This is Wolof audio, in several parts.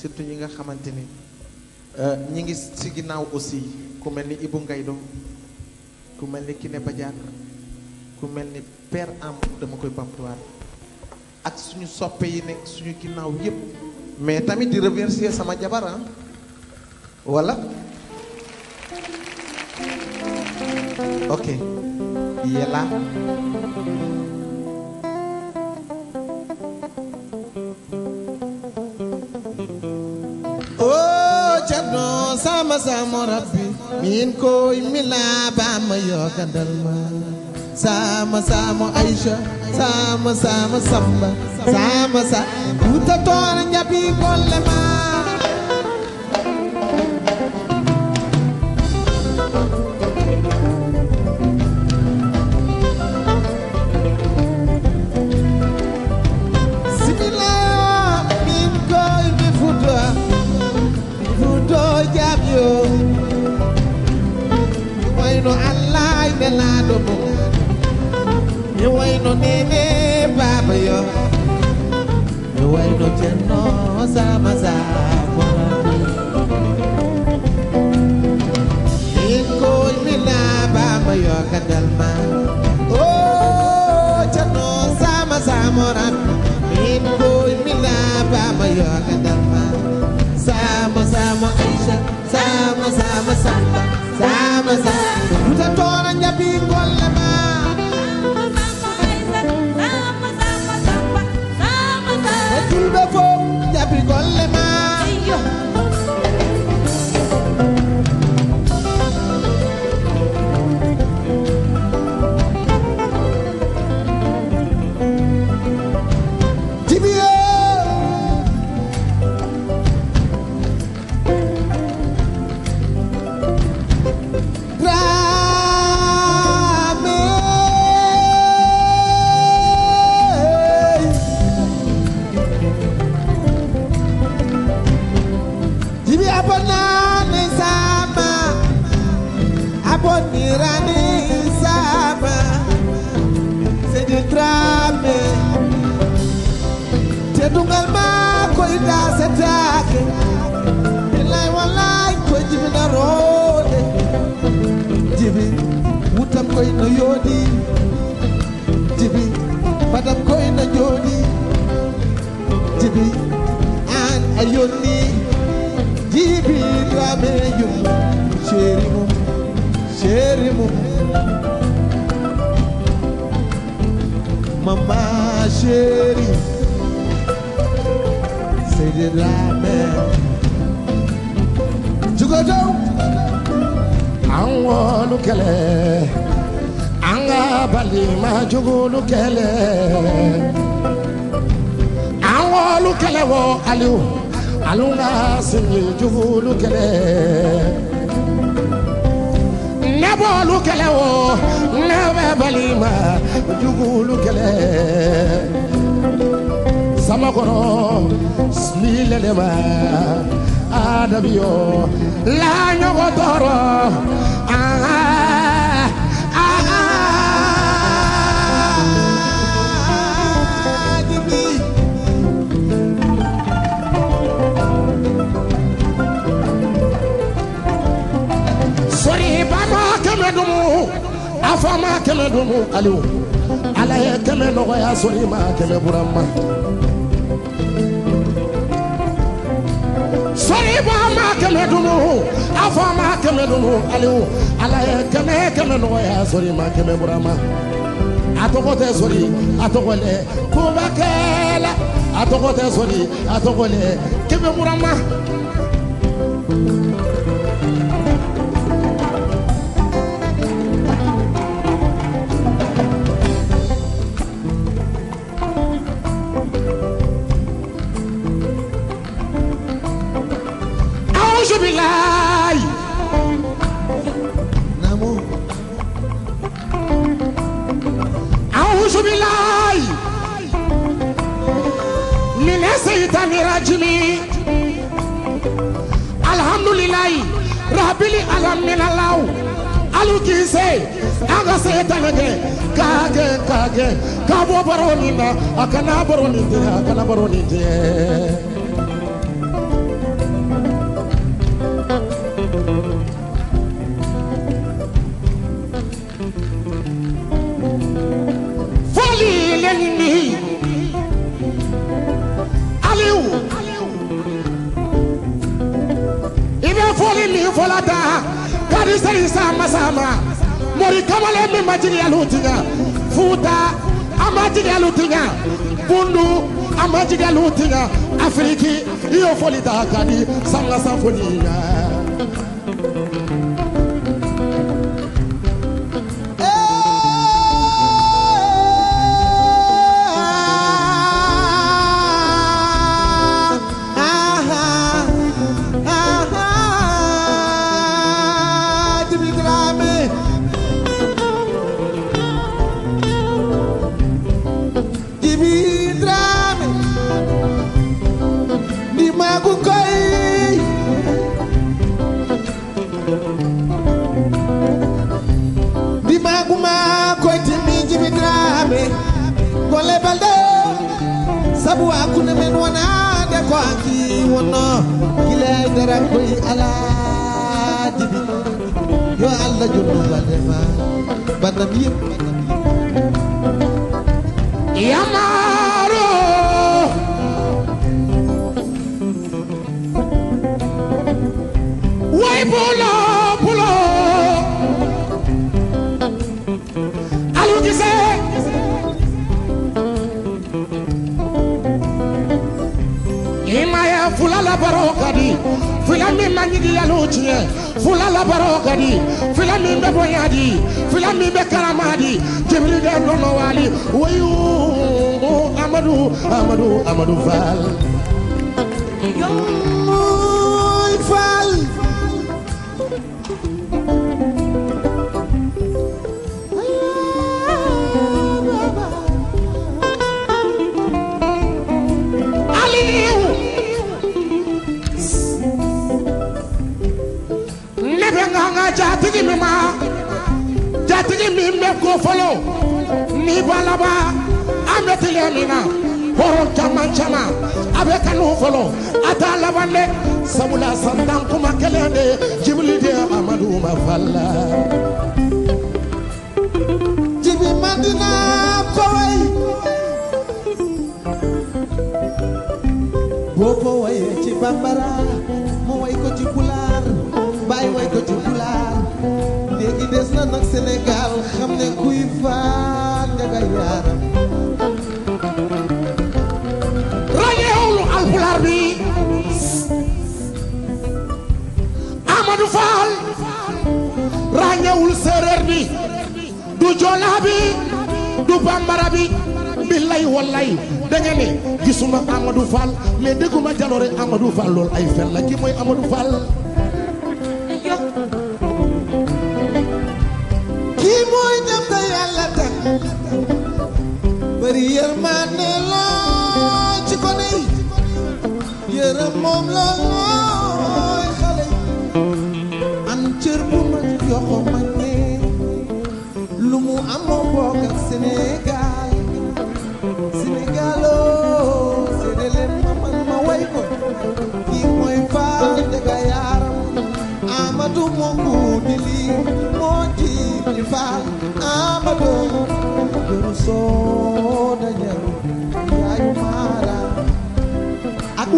surtout ñi nga xamante ni euh, ñi ngi si ginnaaw aussi ku mel ni ngay Ngaydo ku mel ni Kiné Badiane ku mel ni Père Am dama koy bamtuwaat ak suñu soppe yi nekk suñu ginnaaw yépp mais tamit di remercier sama jabar ah wala ok yella sama sama rabbi min koy mila bama yoga dalma sama sama aisha sama sama samba sama sa uta ton jabi golle ma naaɗomo mi wayno nene baaba yo mi wayno ceerno sama safo inkoy mina baaba yo kadal ma o ceerno sama samoran inkoy mina baaba yo kadal ma samo samo aisha samo samo samba sama sama muta tona nyabi golle ma abejum chéri mum chéri mum mama chéri c'est de la mer jugodow anwolu kele anga balima jugolu kele anwolu kele wo aliou على ناس الجهول كلام نبول كلاو نما بليما جهول كلام سما كرو سميل لما آدم يو لا نغطر آه baba kɛmɛ dumu a faama kɛmɛ dumu aliw ala ye kɛmɛ nɔgɔya sɔnni ma kɛmɛ burama sɔnni faama kɛmɛ dumu a faama kɛmɛ dumu aliw ala ye kɛmɛ kɛmɛ nɔgɔya sɔnni ma kɛmɛ burama a tɔgɔ tɛ sɔnni a tɔgɔ lɛ koba kɛlɛ a tɔgɔ tɛ sɔnni a tɔgɔ lɛ kɛmɛ burama. alhamdulillahi rabbil alamin alaw alu kise aga setanage kage kage kabo baronina akana baroninde akana baroninde ni folata kadi sari sama sama mori kamale mi majigi alutinya futa amajigi alutinya bundu amajigi alutinya afriki iyo folita kadi sanga safolinya golle balɗe sabu hakkunde men wonade ko hanki wonno guila daran koye alaaji bi yo allah jonnu balɗe ma bannam yim yamaro way bolo bolo alu gisee baroka di fila min ma ɲigiyalo tiɲɛ fula la baroka di fila min bɛ bonya di fila min bɛ karama di jibiri de dɔnɔwali wayu amadu amadu amadu fal. ko fɔlɔ n'i b'a laban an bɛ teliya min na hɔrɔn caman caman a bɛ kanu fɔlɔ a t'a laban dɛ sabula san tan kuma kelen de jibili de amadu ma fa la. jibi madina kɔwai boko waye ci bambara. des na nag Sénégal xam ne kuy faak njaga yaaram ràññeewlu alpulaar bi Amadou Fall ràññeewul séeréer bi du joolaa bi du bambara bi billay wallay da nga ne gisuma Amadou Fall mais dégguma jaloore Amadou Fall loolu ay fen la ki mooy Amadou Fall bëri yërmande la ci gone yi yërëm moom la mooy xale yi am cër bu ma joxo ma ne lu mu am moo bokk ak Sénégal Sénégalo sédé leen ma man ma way ko kii mooy faal dëgga yaaram Amadou moo ko di lii moo ji di faal Amadou Soul.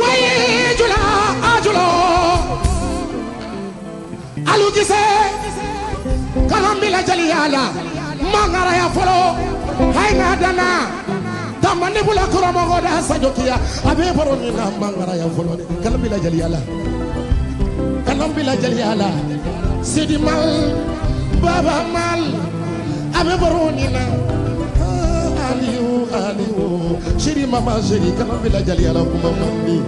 way jula ajulo alu gise kalambila jaliyala mangara ya folo hainga dana tamani bula kuramogo da sajokiya abe baro ni na mangara ya folo ne kalambila jaliyala kalambila jaliyala sidi mal baba mal abe baro aliyu aliyu siri mama siri kana bila jali ala kuma mandi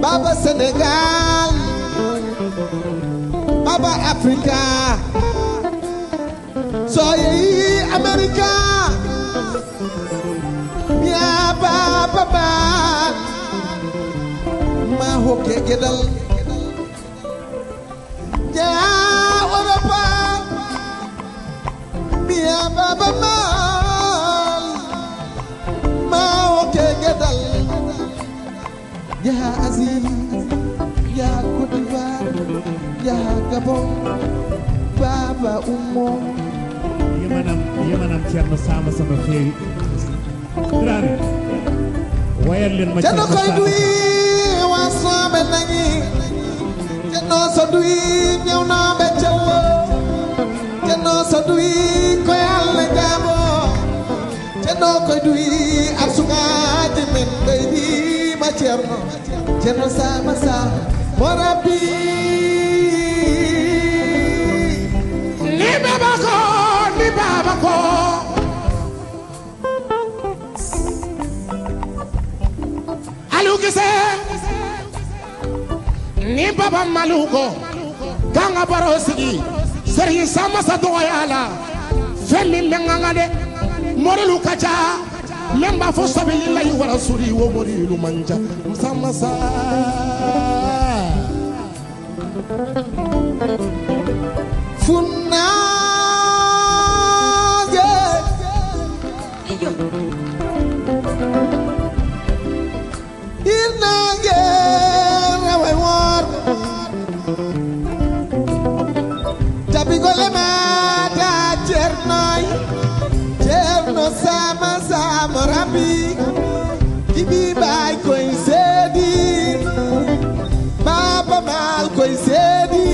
Baba Sénégal Baba Africa Soy America Ya Baba Ba Ma ho ke gedal Ya Europa Ya Baba Ma يا عزيز يا كوتيفا يا غابون بابا أمو يا منام يا منام تيرنا ساما سما خيري دراري wayal leen ma tierno Seydou yi waa Sobe nañi tierno Seydou yi ñëw naa ba Thiel tierno Seydou yi ko yàlla jaamoo tierno Seydou yi ak sukaati min Cerno Cerno sama sama morabi ni baba ko ni baba ko Aliou ni baba malu ko Kanga Baro sigi Serigne Sama sa dogoya la fɛn min bɛ ŋaŋa de morilu ka ca namba fo a wa rasuli wo mori lu manja musamasa funna Gambie ci bi baay koy seedi Baaba Maal koy seedi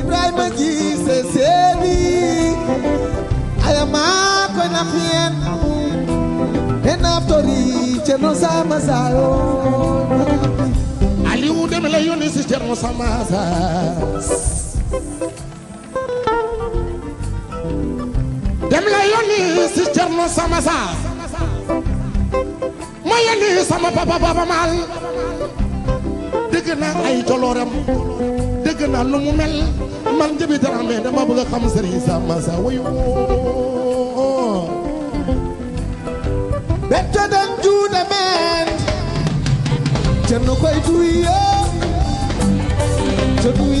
Ibrahima Jiise seedi aya maa koy nafiyeen e naftori Cerno Sama Sayo Aliou deme la yónni si Cerno Sama Sayo nuyu sama saa ma la sama papa Baaba Maal dëgg naa ay jolooram dëgg naa lu mu mel man njëbi dara mais dama bëgg a xam sëriñ saa wayu better than Judah man te koy duy te duy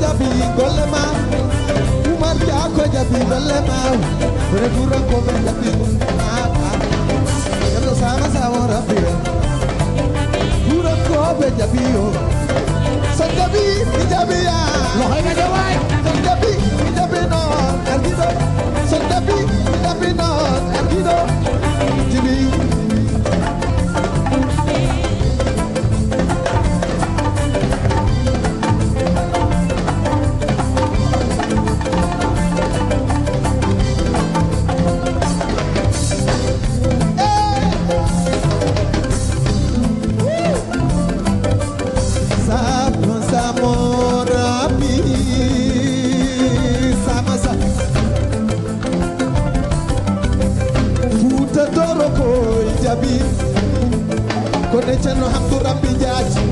jaɓi golle ma oumar dia ko jaɓi golle ma vrai burankoɓe jaɓi maa yeɓɗo sama sawo rabbiro burankoɓe jaɓi o so jaɓi mi jaɓiya lohoyga joway so jaɓi mi jaɓi noon ardiɗo so jaɓi mi jaɓi noon ardiɗo jiɓi Cerno Abdu Rabbi Jaaji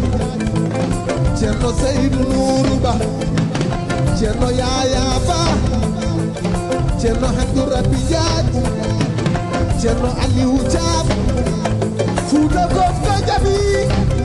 Cerno Seydu Nuuru Ba Cerno Yaaya Ba Cerno Abdu Rabbi Jaaji Cerno Aliyu Caam Fuuta Gof Kajabi